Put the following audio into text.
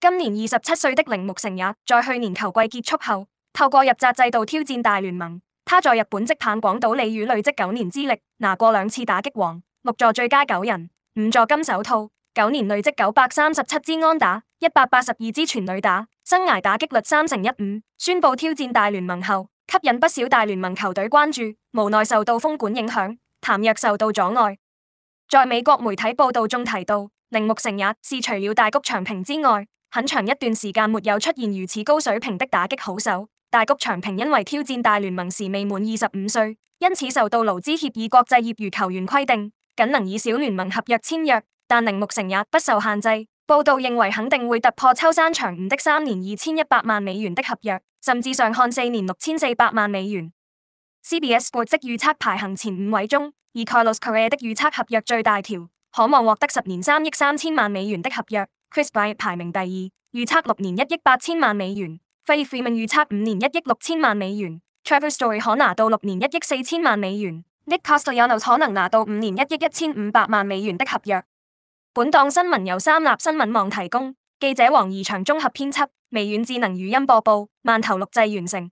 今年二十七歲的鈴木誠也在去年球季結束後，透過入閘制度挑戰大聯盟。他在日本職棒廣島鯉魚累積九年之力，拿過兩次打擊王，六座最佳九人，五座金手套，九年累積九百三十七支安打，一百八十二支全壘打，生涯打擊率三成一五。宣布挑戰大聯盟後，吸引不少大聯盟球隊關注，無奈受到封館影響，談約受到阻礙。在美國媒體報道中提到。鈴木誠也是除了大谷翔平之外，很長一段時間沒有出現如此高水平的打擊好手。大谷翔平因為挑戰大聯盟時未滿二十五歲，因此受到勞資協議國際業餘球員規定，僅能以小聯盟合約簽約，但鈴木誠也不受限制。報道認為肯定會突破秋山翔吾的三年二千一百萬美元的合約，甚至上看四年六千四百萬美元。CBS Sports 即預測排行前五位中，以 Carlos Correa 的預測合約最大條。可望獲得十年三億三千萬美元的合約，Kris Bryant 排名第二，預測六年一億八千萬美元，Freddie Freeman 預測五年一億六千萬美元，Trevor Story 可拿到六年一億四千萬美元，Nick Castellanos 可能拿到五年一億一千五百萬美元的合約。本檔新聞由三立新聞網提供，記者王宜祥綜合編輯，微軟智能語音播報，饅頭錄製完成。